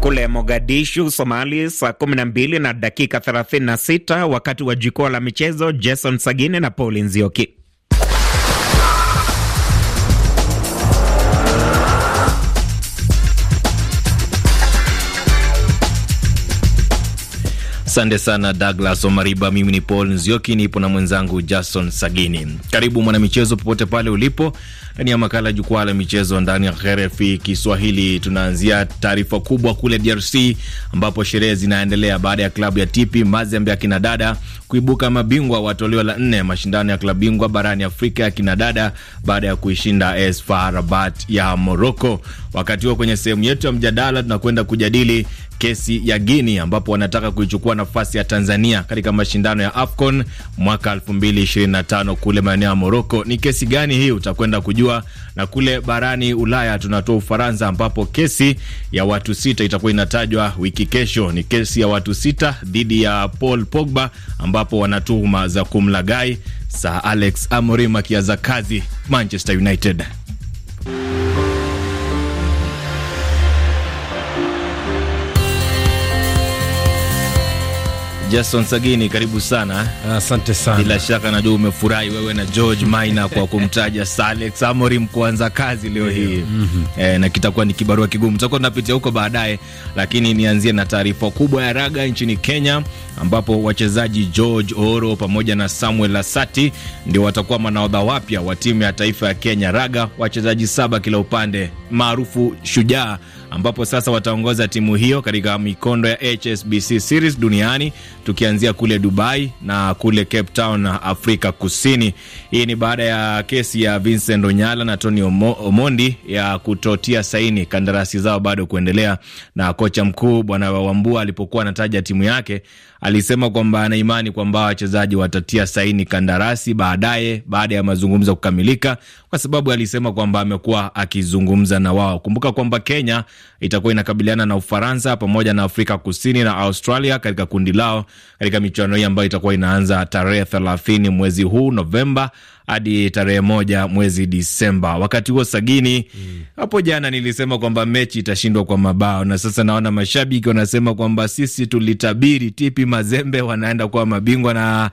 Kule Mogadishu, Somalia, saa 12 na dakika 36, wakati wa jukwaa la michezo. Jason Sagine na Paul Nzioki. Asante sana Douglas Omariba. Mimi ni Paul Nzioki, nipo na mwenzangu Jason Sagini. Karibu mwanamichezo, popote pale ulipo, ni ya makala jukwaa la michezo ndani ya RFI Kiswahili. Tunaanzia taarifa kubwa kule DRC ambapo sherehe zinaendelea baada ya klabu ya TP Mazembe ya kinadada kuibuka mabingwa wa toleo la nne mashindano ya klabu bingwa barani Afrika ya kinadada baada ya kuishinda AS FAR Rabat ya Morocco. Wakati huo kwenye sehemu yetu ya mjadala tunakwenda kujadili kesi ya Guini ambapo wanataka kuichukua nafasi ya Tanzania katika mashindano ya AFCON mwaka 2025 kule maeneo ya Moroko. Ni kesi gani hii? Utakwenda kujua. Na kule barani Ulaya tunatoa Ufaransa, ambapo kesi ya watu sita itakuwa inatajwa wiki kesho. Ni kesi ya watu sita dhidi ya Paul Pogba ambapo ambapo wana tuhuma za kumlagai Sir Alex Amorim akianza kazi Manchester United. Jason Sagini, karibu sana. Asante sana. Bila shaka najua umefurahi wewe na George Maina kwa kumtaja Alex Amorim kuanza kazi leo hii mm -hmm. E, na kitakuwa ni kibarua kigumu, tutakuwa tunapitia huko baadaye, lakini nianzie na taarifa kubwa ya raga nchini Kenya ambapo wachezaji George Oro pamoja na Samuel Asati ndio watakuwa manaodha wapya wa timu ya taifa ya Kenya raga, wachezaji saba kila upande maarufu Shujaa ambapo sasa wataongoza timu hiyo katika mikondo ya HSBC Series duniani tukianzia kule Dubai na kule Cape Town Afrika Kusini. Hii ni baada ya kesi ya Vincent Onyala na Tony Omondi ya kutotia saini kandarasi zao bado kuendelea, na kocha mkuu bwana Wambua alipokuwa anataja timu yake alisema kwamba ana imani kwamba wachezaji watatia saini kandarasi baadaye baada ya mazungumzo kukamilika, kwa sababu alisema kwamba amekuwa akizungumza na wao. Kumbuka kwamba Kenya itakuwa inakabiliana na Ufaransa pamoja na Afrika Kusini na Australia katika kundi lao katika michuano hii ambayo itakuwa inaanza tarehe thelathini mwezi huu Novemba hadi tarehe moja mwezi Disemba. Wakati huo sagini hapo mm. Jana nilisema kwamba mechi itashindwa kwa mabao, na sasa naona mashabiki wanasema kwamba sisi tulitabiri Tipi Mazembe wanaenda kuwa mabingwa na a,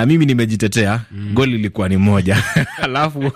ah, mimi nimejitetea mm. Goli ilikuwa ni moja alafu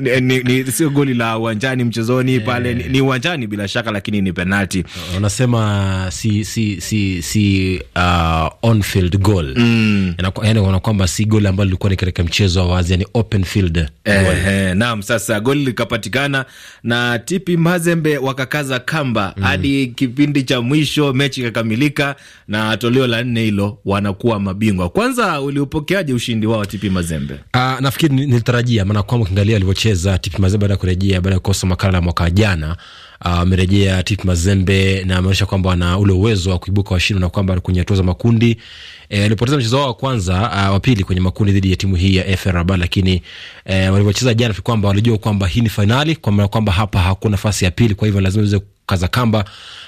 ni, ni, sio goli la uwanjani mchezoni yeah. pale, ni uwanjani bila shaka, lakini lakini ni penalti. Unasema si si si si uh, on field goal mm. Yani unaona kwamba si goli ambalo lilikuwa ni katika mchezo wa wazi, yani open field Eh, naam. Sasa goli likapatikana na TP Mazembe wakakaza kamba mm. hadi mm. kipindi cha mwisho, mechi ikakamilika na toleo la nne hilo, wanakuwa mabingwa. Kwanza uliupokeaje ushindi wao TP Mazembe? Uh, nafikiri nilitarajia, maana kwamba ukiangalia alivyocheza TP Mazembe baada ya kurejea baada ya kukosa makala la mwaka jana Ah, amerejea uh, Tip Mazembe na ameonyesha kwamba ana ule uwezo wa kuibuka washindi na kwamba kwenye hatua za makundi eh, alipoteza e, mchezo wao wa kwanza uh, wa pili kwenye makundi dhidi ya timu hii ya FAR Rabat, lakini e, walivyocheza jana kwamba walijua kwamba hii ni fainali, kwa maana kwamba hapa hakuna nafasi ya pili, kwa hivyo lazima ziweze kaza kamba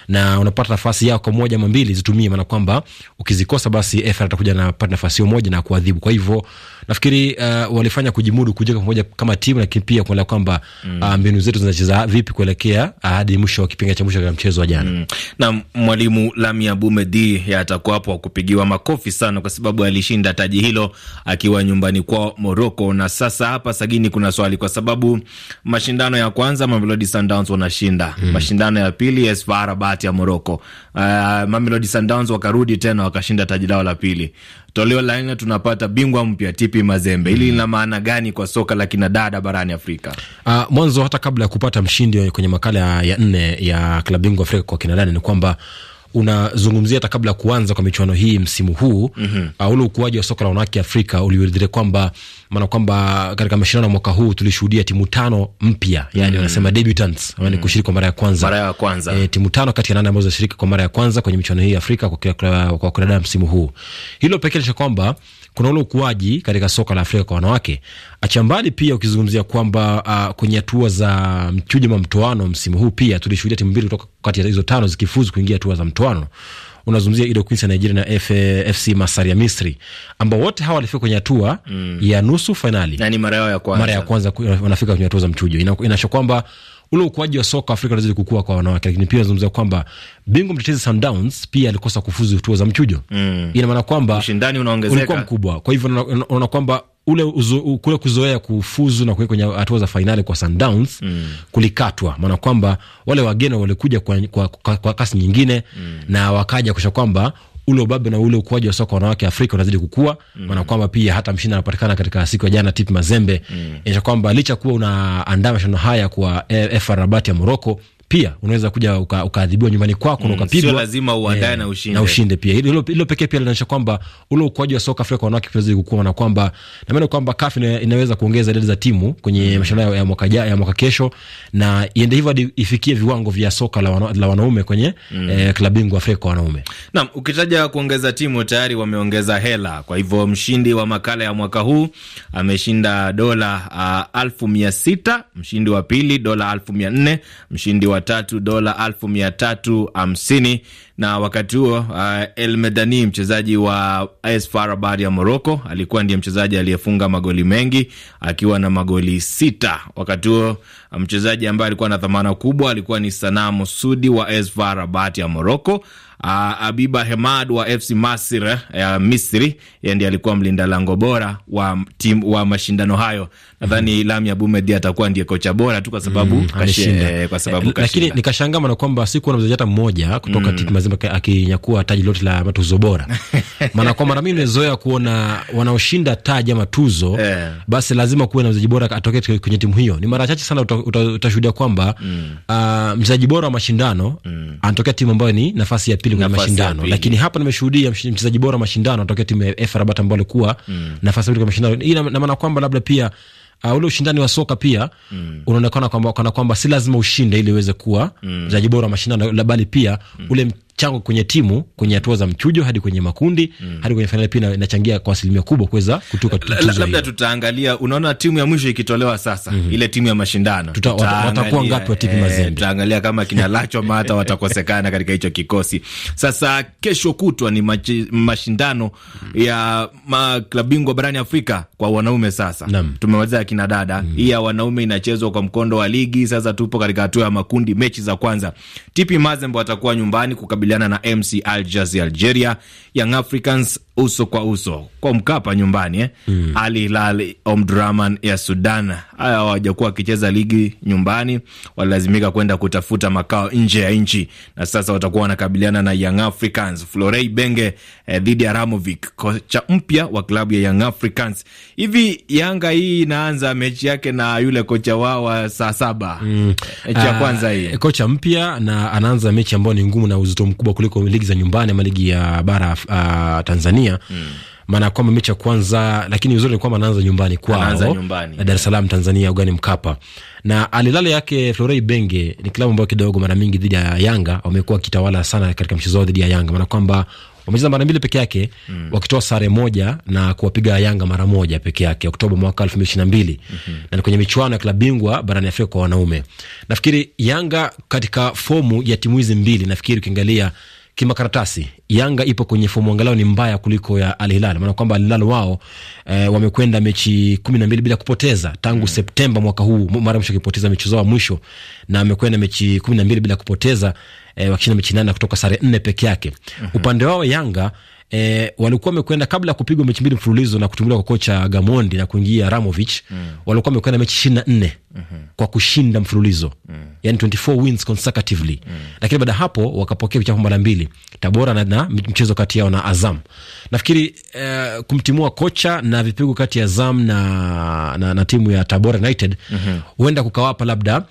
na unapata nafasi yao kwa moja ama mbili zitumie, maana kwamba ukizikosa basi FAR atakuja na pata nafasi hiyo moja na kuadhibu. Kwa hivyo nafikiri uh, walifanya kujimudu kujenga pamoja kama timu, lakini pia kuona kwamba mm. uh, mbinu zetu zinacheza vipi kuelekea uh, hadi uh, mwisho wa kipengele cha mwisho katika mchezo wa jana mm. na mwalimu Lamia Bumedi atakuwa hapo kupigiwa makofi sana, kwa sababu alishinda taji hilo akiwa nyumbani kwao Moroko. Na sasa hapa Sagini kuna swali, kwa sababu mashindano ya kwanza Mamelodi Sundowns wanashinda mm. mashindano ya pili AS FAR Rabat ya Moroko, uh, Mamelodi Sundowns wakarudi tena wakashinda taji lao la pili Toleo la nne tunapata bingwa mpya TP Mazembe. Hili lina maana gani kwa soka la kinadada barani Afrika? Uh, mwanzo hata kabla ya kupata mshindi kwenye makala ya nne ya klabu bingwa Afrika kwa kinadada ni kwamba unazungumzia hata kabla ya kuanza kwa michuano hii msimu huu mm -hmm. uh, ule ukuaji wa soka la wanawake Afrika ulioridhire kwamba maana kwamba katika mashindano ya mwaka huu tulishuhudia timu tano mpya, yani mhm. wanasema debutants, -hmm. kushiriki kwa mara ya kwanza, mara ya kwanza. E, timu tano kati ya nane ambazo zashiriki kwa mara ya kwanza kwenye michuano hii ya Afrika kwa kwa kwa msimu huu, hilo pekee kwamba kuna ule ukuaji katika soka la Afrika kwa wanawake Acha mbali pia ukizungumzia kwamba uh, kwenye hatua za mchujo wa mtoano msimu huu pia tulishuhudia timu mbili kutoka kati ya hizo tano zikifuzu kuingia hatua za mtoano. Unazungumzia Ido Queens ya Nigeria na FC Masar ya Misri, ambao wote hawa walifika kwenye hatua mm. ya nusu fainali na ni mara yao ya kwanza, mara ya kwanza wanafika kwenye hatua za mchujo. Inaonyesha kwamba ule ukuaji wa soka Afrika unazidi kukua kwa wanawake, lakini pia nazungumzia kwamba bingwa mtetezi Sundowns pia alikosa kufuzu hatua za mchujo mm. ina maana kwamba ushindani unaongezeka, ulikuwa mkubwa. Kwa hivyo unaona kwamba ule uzo, kule kuzoea kufuzu na kuwe kwenye hatua za fainali kwa Sundowns mm. kulikatwa, maana kwamba wale wageni walikuja kwa, kwa, kwa, kwa kasi nyingine mm. na wakaja kusha kwamba ule ubabe na ule ukuaji wa soka wanawake Afrika unazidi kukua mm. maana kwamba pia hata mshindi anapatikana katika siku ya jana Tip Mazembe mm. kwamba licha kuwa unaandaa mashindano haya kwa e-, FAR Rabat ya Moroko pia unaweza kuja ukaadhibiwa nyumbani kwako mm, na ukapigwa, sio lazima uandae eh, na ushinde na ushinde pia. Hilo hilo pekee pia linaonyesha kwamba ule ukuaji wa soka Afrika wanawake pia zidi kukua, na kwamba na maana kwamba CAF inaweza kuongeza idadi za timu kwenye mm, mashindano ya mwaka ja, ya mwaka kesho, na iende hivyo hadi ifikie viwango vya soka la, wana, la wanaume kwenye mm, eh, klabu bingwa Afrika kwa wanaume. Naam, ukitaja kuongeza timu tayari wameongeza hela, kwa hivyo mshindi wa makala ya mwaka huu ameshinda dola 1600 uh, ah, mshindi wa pili dola 1400 mshindi wa watatu dola elfu mia tatu hamsini na wakati huo uh, El Medani mchezaji wa AS FAR Rabat ya Morocco alikuwa ndiye mchezaji aliyefunga magoli mengi akiwa na magoli sita. Wakati huo mchezaji ambaye alikuwa na thamana kubwa alikuwa ni Sanaa Musudi wa AS FAR Rabat ya Morocco uh, Abiba Hemad wa FC Masir eh, ya uh, Misri, yeye ndiye alikuwa mlinda lango bora wa tim, wa mashindano hayo. Nadhani mm. Lami Abumedi atakuwa ndiye kocha bora tu kwa sababu mm, kashinda, eh, kwa eh, sababu kashinda. Lakini nikashangaa maana kwamba si kuona mchezaji hata mmoja kutoka mm, Mazembe akinyakua taji lote la matuzo bora, maana kwa mara mingi nimezoea kuona wanaoshinda taji ama tuzo yeah, basi lazima kuwe na mchezaji bora atoke kwenye timu hiyo. Ni mara chache sana utashuhudia uta, uta kwamba mm, uh, mchezaji bora wa mashindano mm, anatokea timu ambayo ni nafasi ya Mm. pili kwenye mashindano, lakini hapa nimeshuhudia mchezaji bora mashindano tokea timu ya EF Rabat ambao alikuwa mm. nafasi pili kwa mashindano. Hii ina maana kwamba labda pia uh, ule ushindani wa soka pia mm. unaonekana kwamba kana kwamba si lazima ushinde ili uweze kuwa mm. mchezaji mm. bora mashindano, bali pia mm. ule changu kwenye timu kwenye hatua za mchujo hadi kwenye makundi mm. hadi kwenye fainali pia inachangia kwa asilimia kubwa kuweza kutoka Labda tutaangalia, unaona timu ya mwisho ikitolewa sasa mm. -hmm. ile timu ya mashindano watakuwa ngapi wa TV eh, Mazembe? Tutaangalia kama kina Lacho Mata watakosekana katika hicho kikosi. Sasa kesho kutwa ni machi, mashindano mm. ya maklabu bingwa barani Afrika kwa wanaume. Sasa tumemaliza kina dada mm. hii -hmm. ya wanaume inachezwa kwa mkondo wa ligi. Sasa tupo katika hatua ya makundi, mechi za kwanza TP Mazembe watakuwa nyumbani kukabili kukabiliana na MC Alger Algeria, Young Africans uso kwa uso kwa Mkapa nyumbani eh? mm. Al Hilal Omdurman ya Sudan. Haya, hawajakuwa wakicheza ligi nyumbani, walilazimika kwenda kutafuta makao nje ya nchi, na sasa watakuwa wanakabiliana na Young Africans. Florei Benge eh, dhidi ya Ramovic, kocha mpya wa klabu ya Young Africans. Hivi Yanga hii inaanza mechi yake na yule kocha wao wa saa saba mm. mechi ya ah, kwanza hii, kocha mpya na anaanza mechi ambayo ni ngumu na uzito mkubwa mkubwa kuliko ligi za nyumbani ama ligi ya bara uh, Tanzania mm maana kwamba mechi ya kwanza, lakini uzuri ni kwamba anaanza nyumbani kwao Dar es Salaam, Tanzania, ugani Mkapa na alilale yake Florei Benge. Ni klabu ambayo kidogo mara mingi dhidi ya Yanga wamekuwa wakitawala sana katika mchezo wao dhidi ya Yanga, maana kwamba wamecheza mara mbili peke yake mm. wakitoa sare moja na kuwapiga Yanga mara moja peke yake Oktoba mwaka elfu mbili ishirini na mbili mm -hmm. na ni kwenye michuano ya klabu bingwa barani Afrika kwa wanaume. Nafikiri Yanga katika fomu ya timu hizi mbili, nafikiri ukiangalia kimakaratasi Yanga ipo kwenye fomu angalau ni mbaya kuliko ya Al Hilal, maana kwamba Al Hilal wao e, wamekwenda mechi kumi na mbili bila kupoteza tangu mm. Septemba mwaka huu, mara mwisho akipoteza mechi zao mwisho, na wamekwenda mechi kumi na mbili bila kupoteza e, eh, wakishinda mechi nane kutoka sare nne peke yake. uh mhm. -huh. Upande wao Yanga E, walikuwa wamekwenda kabla ya kupigwa mechi mbili mfululizo na kutumbuliwa kwa kocha Gamondi na kuingia Ramovich mm. walikuwa wamekwenda mechi ishirini na nne mm -hmm. kwa kushinda mfululizo mm. yani 24 wins consecutively mm. Lakini baada hapo wakapokea vichapo mara mbili Tabora na, na mchezo kati yao na Azam nafikiri uh, kumtimua kocha na vipigo kati ya Azam na, na, na timu ya Tabora United mhm. huenda mm -hmm. kukawapa labda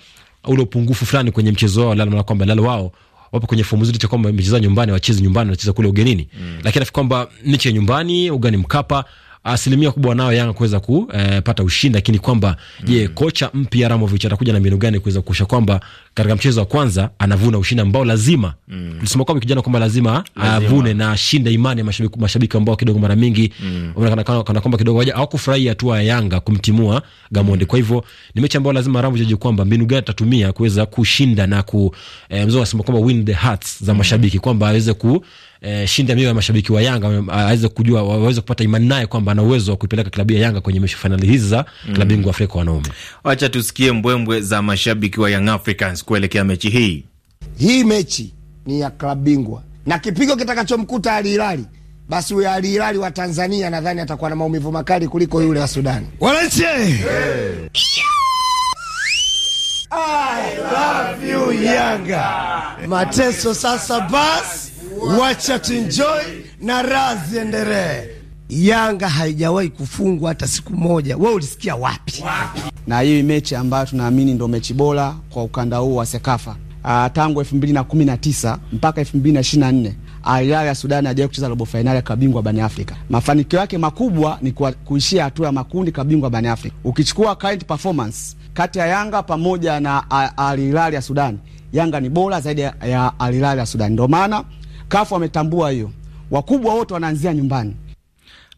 ule upungufu fulani kwenye mchezo wao, lala kwamba lalo wao wapo kwenye fomu zile kwamba mchezaji nyumbani wacheze nyumbani, wanacheza kule ugenini mm. Lakini nafikiri kwamba mechi ya nyumbani ugani Mkapa asilimia kubwa nao Yanga kuweza kupata eh, ushindi, lakini kwamba je, mm. kocha mpya Ramovich atakuja na mbinu gani kuweza kuhakikisha kwamba katika mchezo wa kwanza anavuna ushindi ambao lazima mm. tulisema kwamba kijana kwamba lazima, lazima avune na ashinde imani ya mashabiki, mashabiki ambao kidogo mara mingi mm. kana, kana, kana kwamba kidogo hawakufurahia hatua ya Yanga kumtimua Gamonde. mm. kwa hivyo ni mechi ambayo lazima Ramovich ajue kwamba mbinu gani atatumia kuweza kushinda na ku eh, mzee anasema kwamba win the hearts za mm. mashabiki mm. kwamba aweze ku eh, shinde mioyo ya mashabiki wa Yanga aweze kujua, waweze kupata imani naye kwamba ana uwezo wa kuipeleka klabu ya Yanga kwenye mechi fainali hizi za mm. klabu bingwa Afrika wanaume. Wacha tusikie mbwembwe za mashabiki wa Young Africans kuelekea mechi hii. Hii mechi ni ya klabu bingwa na kipigo kitakachomkuta Ali Hilali basi huyo Ali Hilali wa Tanzania nadhani atakuwa na maumivu makali kuliko yule wa Sudani. Wananchi, I love you Yanga, mateso sasa basi wacha tuenjoy na raha ziendelee. Yanga haijawahi kufungwa hata siku moja. Wewe ulisikia wapi? Na hii mechi ambayo tunaamini ndio mechi bora kwa ukanda huu wa Sekafa uh, tangu 2019 mpaka 2024 Al Hilal ya Sudan hajawahi kucheza robo fainali ya kabingwa bani Afrika. Mafanikio yake makubwa ni kuishia hatua ya makundi kabingwa bani Afrika. Ukichukua current performance kati ya Yanga pamoja na Al Hilal ya Sudan, Yanga ni bora zaidi ya Al Hilal ya Sudan, ndio maana Kafu ametambua hiyo, wakubwa wote wanaanzia nyumbani.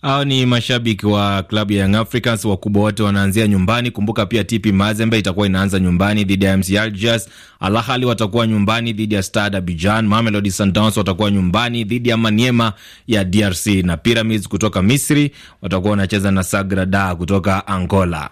Hao ni mashabiki wa klabu ya Young Africans, wakubwa wote wanaanzia nyumbani. Kumbuka pia TP Mazembe itakuwa inaanza nyumbani dhidi ya MC Alger, Al Ahly watakuwa nyumbani dhidi ya Stade Abidjan, Mamelodi Sundowns watakuwa nyumbani dhidi ya Maniema ya DRC na Pyramids kutoka Misri watakuwa wanacheza na Sagrada kutoka Angola.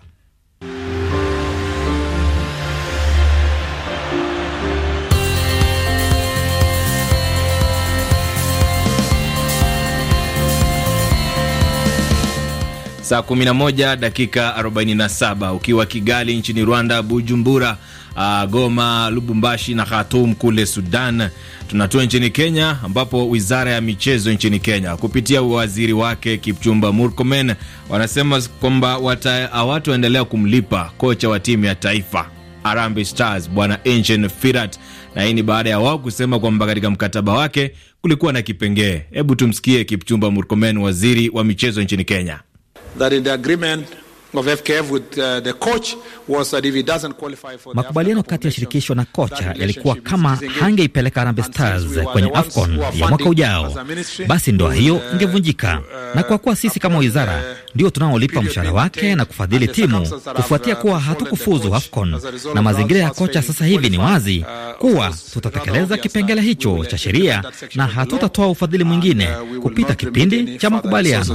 saa 11 dakika 47 ukiwa Kigali nchini Rwanda, Bujumbura, uh, Goma, Lubumbashi na Khartoum kule Sudan. Tunatua nchini Kenya ambapo wizara ya michezo nchini Kenya kupitia waziri wake Kipchumba Murkomen wanasema kwamba hawatoendelea kumlipa kocha wa timu ya taifa Harambee Stars bwana Encen Firat, na hii ni baada ya wao kusema kwamba katika mkataba wake kulikuwa na kipengee. Hebu tumsikie Kipchumba Murkomen, waziri wa michezo nchini Kenya. that in the agreement Uh, makubaliano kati ya shirikisho na kocha yalikuwa kama hangeipeleka Harambee Stars kwenye AFCON ya mwaka ujao, basi ndoa hiyo uh, ingevunjika. Uh, na kwa kuwa sisi kama wizara ndio tunaolipa mshahara wake na kufadhili timu, kufuatia kuwa hatukufuzu AFCON na mazingira ya kocha sasa hivi, ni wazi kuwa tutatekeleza kipengele hicho cha sheria na hatutatoa ufadhili mwingine kupita kipindi cha makubaliano.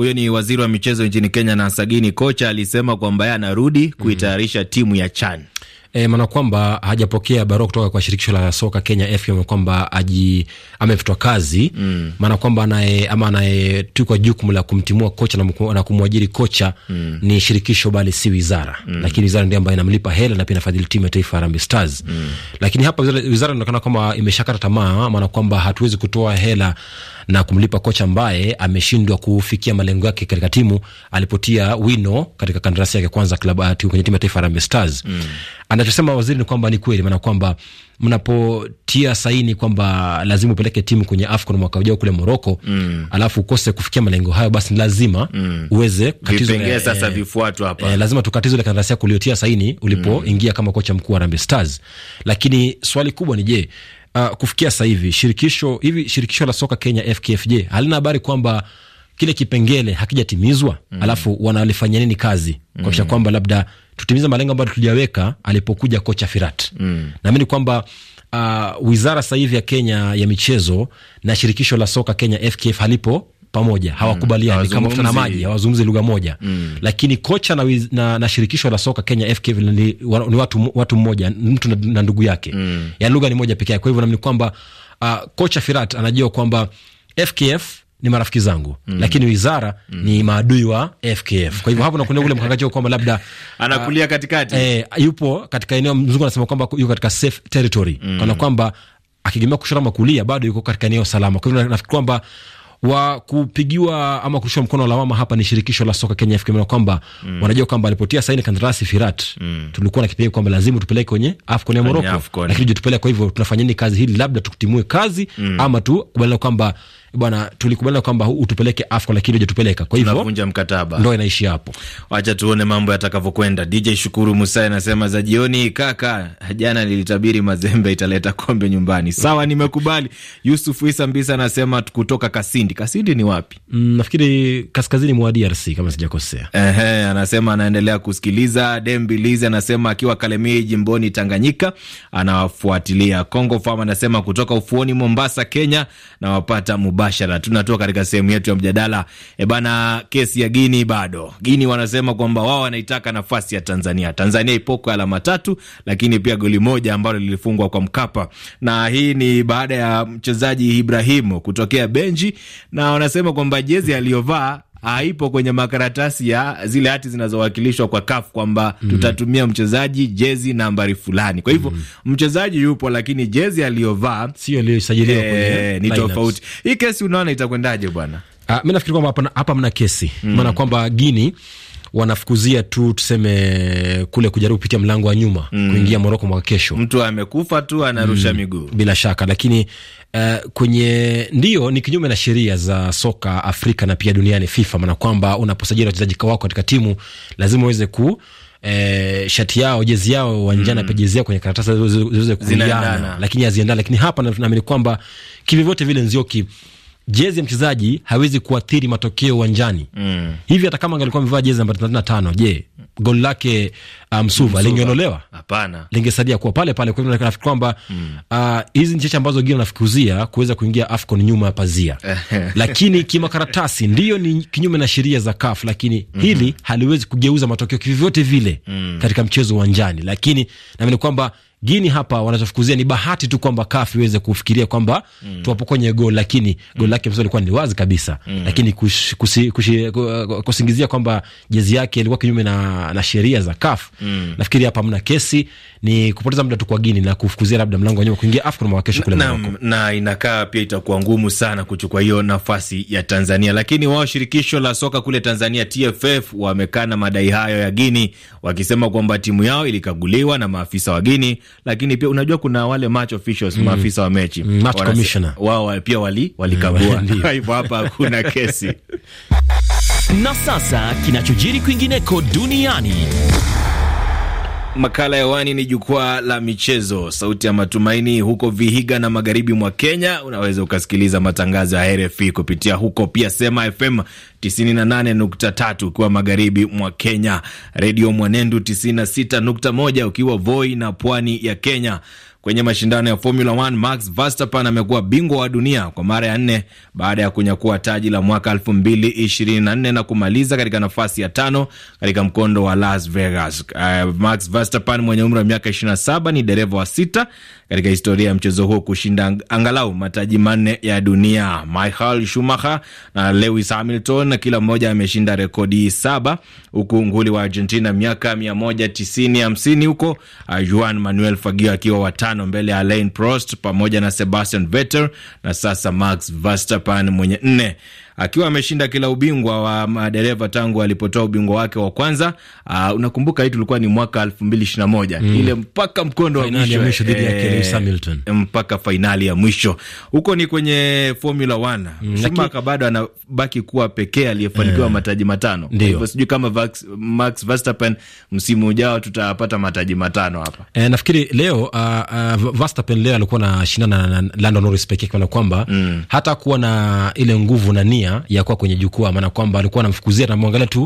Huyo ni waziri wa michezo nchini Kenya na Sagini kocha alisema kwamba yeye anarudi mm-hmm. kuitayarisha timu ya CHAN. E, maana kwamba hajapokea barua kutoka kwa shirikisho la soka Kenya FKF kwamba aji amefutwa kazi mm. Maana kwamba anaye ama anayetukwa jukumu la kumtimua kocha na mku, na kumwajiri kocha mm. ni shirikisho bali si wizara mm. Lakini wizara ndio ambayo inamlipa hela na pia inafadhili timu ya taifa ya Harambee Stars mm. Lakini hapa wizara inaonekana kwamba imeshakata tamaa, maana kwamba hatuwezi kutoa hela na kumlipa kocha ambaye ameshindwa kufikia malengo yake katika timu alipotia wino katika kandarasi yake kwanza klabu ah, kwenye timu ya taifa Harambee Stars. Mm. Anachosema waziri ni kwamba ni kweli, maana kwamba mnapotia saini kwamba lazima upeleke timu kwenye AFCON mwaka ujao kule Moroko mm. alafu ukose kufikia malengo hayo, basi lazima mm. uweze katizo vipengee eh, sasa vifuatwe hapa. E, lazima tukatizo ile kandarasi yako uliotia saini ulipoingia mm. kama kocha mkuu wa Harambee Stars. Lakini swali kubwa ni je, uh, kufikia sasa hivi shirikisho hivi shirikisho la soka Kenya FKFJ halina habari kwamba kile kipengele hakijatimizwa mm. Alafu wanalifanya nini kazi kuakisha mm. kwamba labda tutimize malengo ambayo tuliyaweka alipokuja kocha Firat mm. naamini kwamba uh, wizara sasa hivi ya Kenya ya michezo na shirikisho la soka Kenya FKF halipo pamoja, mm. hawakubaliani mm, kama mafuta na maji, hawazungumzi lugha moja mm. Lakini kocha na, na, na shirikisho la soka Kenya FK ni, ni watu, watu mmoja mtu na, na ndugu yake mm. ya lugha ni moja pekee yake. Kwa hivyo naamini kwamba uh, kocha Firat anajua kwamba FKF ni marafiki zangu mm. lakini wizara mm. ni maadui wa FKF. Kwa hivyo hapo nakuenda ule mkakati kwamba labda anakulia uh, katikati eh, yupo katika eneo mzungu anasema kwamba yuko katika safe territory mm. kana kwamba akigemea kushoto ama kulia bado yuko katika eneo salama. Kwa hivyo nafikiri kwamba wa kupigiwa ama kurushwa mkono wa lawama hapa ni shirikisho la soka Kenya FKF, kwamba mm. wanajua kwamba alipotia saini kandarasi Firat mm. tulikuwa na kipengele kwamba lazima tupeleke kwenye AFCON ya Morocco, lakini je, tupeleke. Kwa hivyo tunafanya nini kazi hili, labda tukutimue kazi mm. ama tukubaliana kwamba bwana, tulikubaliana kwamba utupeleke AFCON lakini hujatupeleka, kwa hivyo tunavunja mkataba, ndo inaishi hapo. Wacha tuone mambo yatakavyokwenda. DJ Shukuru Musa anasema za jioni, kaka, jana nilitabiri Mazembe italeta kombe nyumbani. Sawa, nimekubali. Yusuf Isa Mbisa anasema kutoka Kasindi. Kasindi ni wapi? Mm, nafikiri kaskazini mwa DRC kama sijakosea. Ehe, anasema anaendelea kusikiliza. Dembi Lize anasema akiwa Kalemie jimboni Tanganyika anawafuatilia. Kongo Farm anasema kutoka ufuoni Mombasa, Kenya nawapata mubari mubashara. Tunatoka katika sehemu yetu ya mjadala. E bana, kesi ya Gini bado. Gini wanasema kwamba wao wanaitaka nafasi ya Tanzania. Tanzania ipoko alama tatu, lakini pia goli moja ambalo lilifungwa kwa Mkapa, na hii ni baada ya mchezaji Ibrahimu kutokea benji, na wanasema kwamba jezi aliyovaa haipo ah, kwenye makaratasi ya zile hati zinazowakilishwa kwa CAF kwamba mm tutatumia mchezaji jezi nambari fulani. Kwa hivyo mm mchezaji yupo, lakini jezi aliyovaa sio aliyosajiliwa eh, kwenye ni tofauti. Hii kesi unaona itakwendaje bwana? Ah, mi mimi nafikiri kwamba hapa mna kesi mm. maana mm kwamba Gini wanafukuzia tu tuseme kule kujaribu kupitia mlango wa nyuma mm. kuingia Moroko mwaka kesho. Mtu amekufa tu anarusha mm. miguu bila shaka, lakini uh, kwenye ndio ni kinyume na sheria za soka Afrika na pia duniani FIFA, maana kwamba unaposajili wachezaji wako katika timu lazima uweze ku E, shati yao jezi yao wanjana mm. pe jezi yao kwenye karatasi ziweze kuiana, lakini haziendana. Lakini hapa naamini kwamba kivivyote vile Nzioki jezi ya mchezaji hawezi kuathiri matokeo uwanjani mm. Hivi hata kama angelikuwa amevaa jezi namba thelathini na tano, je, goli lake uh, Msuva um, lingeondolewa? Hapana, lingesalia kuwa pale pale. Kwa hivyo nafikiri kwamba hizi mm. uh, cheche ambazo Gina nafikuzia kuweza kuingia AFCON nyuma ya pazia lakini kimakaratasi ndiyo ni kinyume na sheria za CAF, lakini mm -hmm. hili haliwezi kugeuza matokeo kivivyote vile mm. katika mchezo uwanjani, lakini naamini kwamba Gini hapa wanachofukuzia ni bahati tu kwamba kafu iweze kufikiria kwamba mm. kwenye gol, lakini mm. gol lake ilikuwa ni wazi kabisa mm. lakini kush, kushi, kusingizia kwamba jezi yake ilikuwa kinyume na, na sheria za kafu mm. nafikiri hapa hamna kesi ni kupoteza muda tu kwa Gini na kufukuzia labda mlango wa nyuma kuingia AFCON mwaka kesho kule Morocco, na inakaa pia itakuwa ngumu sana kuchukua hiyo nafasi ya Tanzania. Lakini wao shirikisho la soka kule Tanzania TFF wamekaa na madai hayo ya Gini wakisema kwamba timu yao ilikaguliwa na maafisa wa Gini, lakini pia unajua kuna wale match officials, mm, maafisa wa mechi mm, match commissioner wao eh, pia wali walikagua mm, hivyo. Hapa hakuna kesi na sasa kinachojiri kwingineko duniani Makala ya wani ni jukwaa la michezo, sauti ya matumaini huko Vihiga na magharibi mwa Kenya. Unaweza ukasikiliza matangazo ya RFI kupitia huko pia, Sema FM 98.3 ukiwa magharibi mwa Kenya, Redio Mwanendu 96.1 ukiwa Voi na pwani ya Kenya, Kwenye mashindano ya Formula 1 Max Verstappen amekuwa bingwa wa dunia kwa mara ya nne baada ya kunyakua taji la mwaka 2024 na kumaliza katika nafasi ya tano katika mkondo wa Las Vegas. Uh, Max Verstappen mwenye umri wa miaka 27 ni dereva wa sita katika historia ya mchezo huo kushinda angalau mataji manne ya dunia. Michael Schumacher na Lewis Hamilton kila mmoja ameshinda rekodi saba, huku nguli wa Argentina miaka 1950 huko ah, Juan Manuel Fangio akiwa watano mbele ya Alain Prost pamoja na Sebastian Vettel na sasa Max Verstappen mwenye nne akiwa ameshinda kila ubingwa wa madereva tangu alipotoa ubingwa wake wa kwanza. Uh, unakumbuka hii tulikuwa ni mwaka elfu mbili na moja mm. ile mpaka mkondo wa mwisho, dhidi ya Lewis eh, Hamilton mpaka fainali ya mwisho huko ni kwenye Formula 1 mm. Schumacher bado anabaki kuwa pekee aliyefanikiwa yeah. mataji matano. Kwa hivyo sijui kama Vax, Max Verstappen msimu ujao tutapata mataji matano hapa. E, nafikiri leo uh, uh, Verstappen leo alikuwa na shindana na Lando Norris pekee, kana kwamba mm. hata kuwa na ile nguvu na nia nia ya kuwa kwenye jukwaa, maana kwamba alikuwa anamfukuzia ah, mhm. na mwangalia tu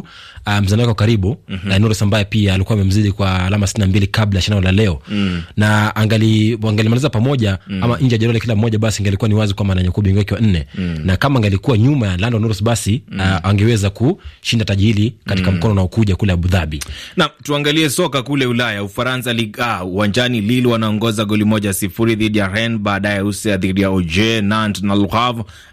uh, mzani wake wa karibu mm -hmm. na Nuru Sambaye pia alikuwa amemzidi kwa alama sitini na mbili kabla ya shindano la leo mm. na angali wangalimaliza pamoja mm. ama nje ya jedwali kila mmoja, basi ingelikuwa ni wazi kwamba ananyakua ubingwa wake wa nne mm. na kama angalikuwa nyuma ya Lando Norris basi mm. uh, angeweza kushinda taji hili katika mm. mkono unaokuja kule Abu Dhabi. Na tuangalie soka kule Ulaya, Ufaransa Ligue 1 uwanjani Lille wanaongoza goli moja sifuri dhidi ya Rennes, baadaye Usia dhidi ya Oje, Nant na Le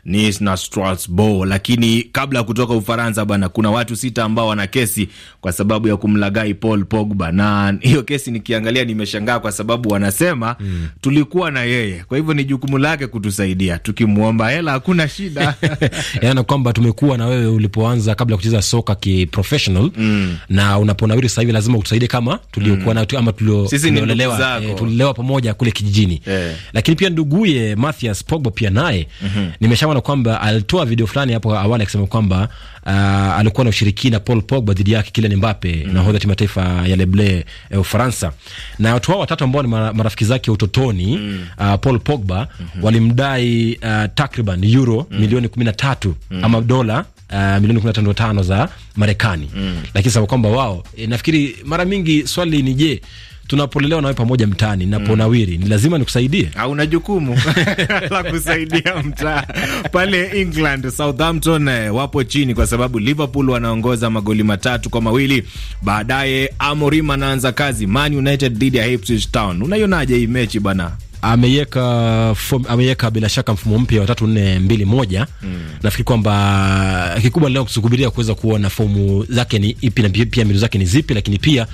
Nis na Strasbourg lakini kabla ya kutoka Ufaransa bana, kuna watu sita ambao wana kesi kwa sababu ya kumlagai Paul Pogba, na hiyo kesi nikiangalia nimeshangaa kwa sababu wanasema mm, tulikuwa na yeye, kwa hivyo ni jukumu lake kutusaidia, tukimwomba hela hakuna shida yaani kwamba tumekuwa na wewe ulipoanza kabla ya kucheza soka kiprofessional mm, na unaponawiri sasa hivi lazima utusaidie kama tuliokuwa mm, ama tulio tuliolelewa e, eh, tulilewa pamoja kule kijijini yeah. Lakini pia nduguye Mathias Pogba pia naye mm -hmm. nimeshaona kwamba alitoa video fulani Marekani hapo awali akisema kwamba uh, alikuwa na ushirikina Paul Pogba dhidi yake Kylian Mbappe mm. -hmm. nahodha timu taifa ya Leble ya eh, Ufaransa, na watu hao watatu ambao ni marafiki zake utotoni mm. -hmm. uh, Paul Pogba mm -hmm. walimdai uh, takriban euro mm. -hmm. milioni 13 mm. -hmm. ama dola Uh, milioni 15 za Marekani mm. Lakini sababu kwamba wao e, nafikiri mara mingi swali ni je, tunapolelewa nawe pamoja mtaani, naponawiri mm. ni lazima nikusaidie au una jukumu la kusaidia mtaa pale England. Southampton eh, wapo chini kwa sababu Liverpool wanaongoza magoli matatu kwa mawili. Baadaye Amorim anaanza kazi Man United dhidi ya Ipswich Town. Unaionaje hii mechi bana? Ameweka ameweka bila shaka mfumo mpya wa tatu nne mbili moja. Mm. Nafikiri kwamba eh, kikubwa leo kusubiria kuweza kuona fomu zake ni ipi na pia mbinu zake ni zipi, lakini pia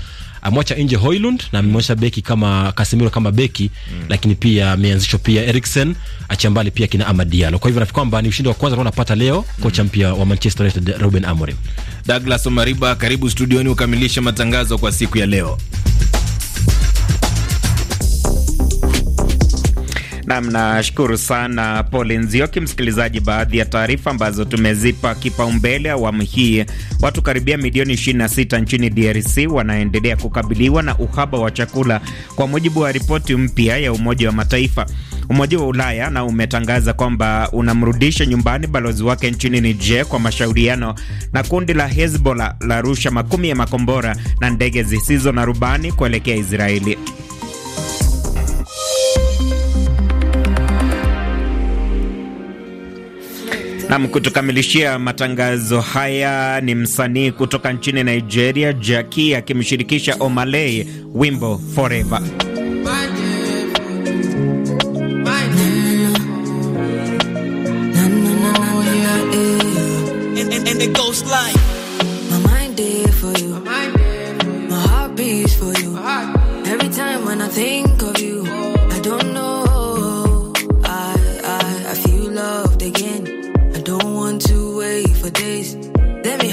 amwacha nje Hoylund na amemwacha beki kama Casemiro kama beki mm. Lakini pia ameanzishwa pia Eriksen achia mbali pia kina amadialo Kwa hivyo nafikiri kwamba ni ushindi wa kwanza tunapata leo mm. kocha mm. mpya wa Manchester United Ruben Amorim. Douglas Omariba, karibu studioni ukamilishe matangazo kwa siku ya leo. Nam, nashukuru sana Paul Nzioki. Msikilizaji, baadhi ya taarifa ambazo tumezipa kipaumbele awamu hii: watu karibia milioni 26 nchini DRC wanaendelea kukabiliwa na uhaba wa chakula kwa mujibu wa ripoti mpya ya Umoja wa Mataifa. Umoja wa Ulaya na umetangaza kwamba unamrudisha nyumbani balozi wake nchini Niger kwa mashauriano, na kundi la Hezbollah la rusha makumi ya makombora na ndege zisizo na rubani kuelekea Israeli. Nam, kutukamilishia matangazo haya ni msanii kutoka nchini Nigeria, Jaki akimshirikisha omalay wimbo Forever.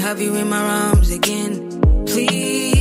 have you in my arms again. Please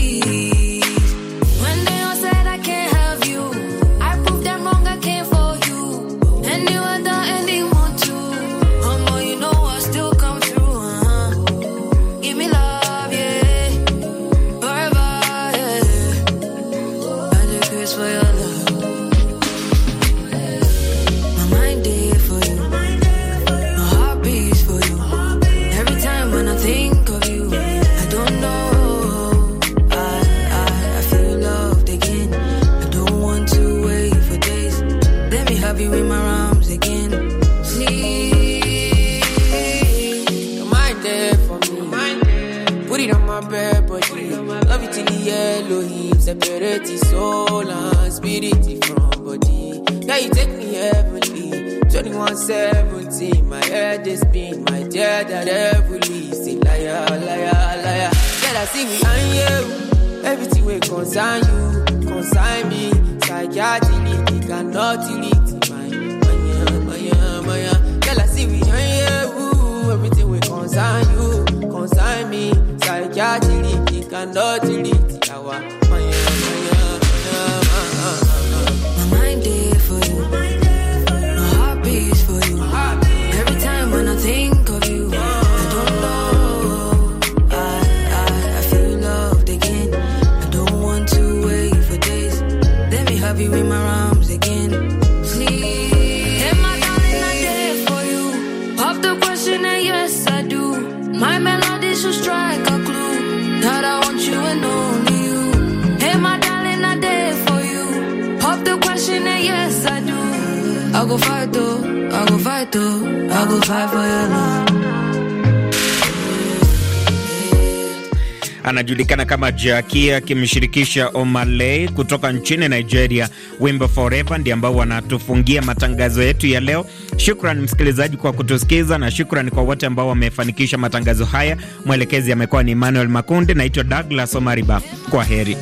deep. Separate soul and spirit from body. Now you take me heavenly. 2117, my head is spinning. my dear, that heavily. Say liar, liar, liar. Get I see behind you. Everything will concern you, consign me. Psychiatry, it cannot delete my, Maya, my, maya. Girl, I see behind you. Everything will concern you, consign me. Psychiatry, it cannot delete wa. go fight though, I go fight though, I go fight for your love. Anajulikana kama Jaki akimshirikisha Omaley kutoka nchini Nigeria. Wimbo Forever ndi ambao wanatufungia matangazo yetu ya leo. Shukran msikilizaji kwa kutusikiza na shukran kwa wote ambao wamefanikisha matangazo haya. Mwelekezi amekuwa ni Emmanuel Makundi. Naitwa Douglas Omariba, kwa heri.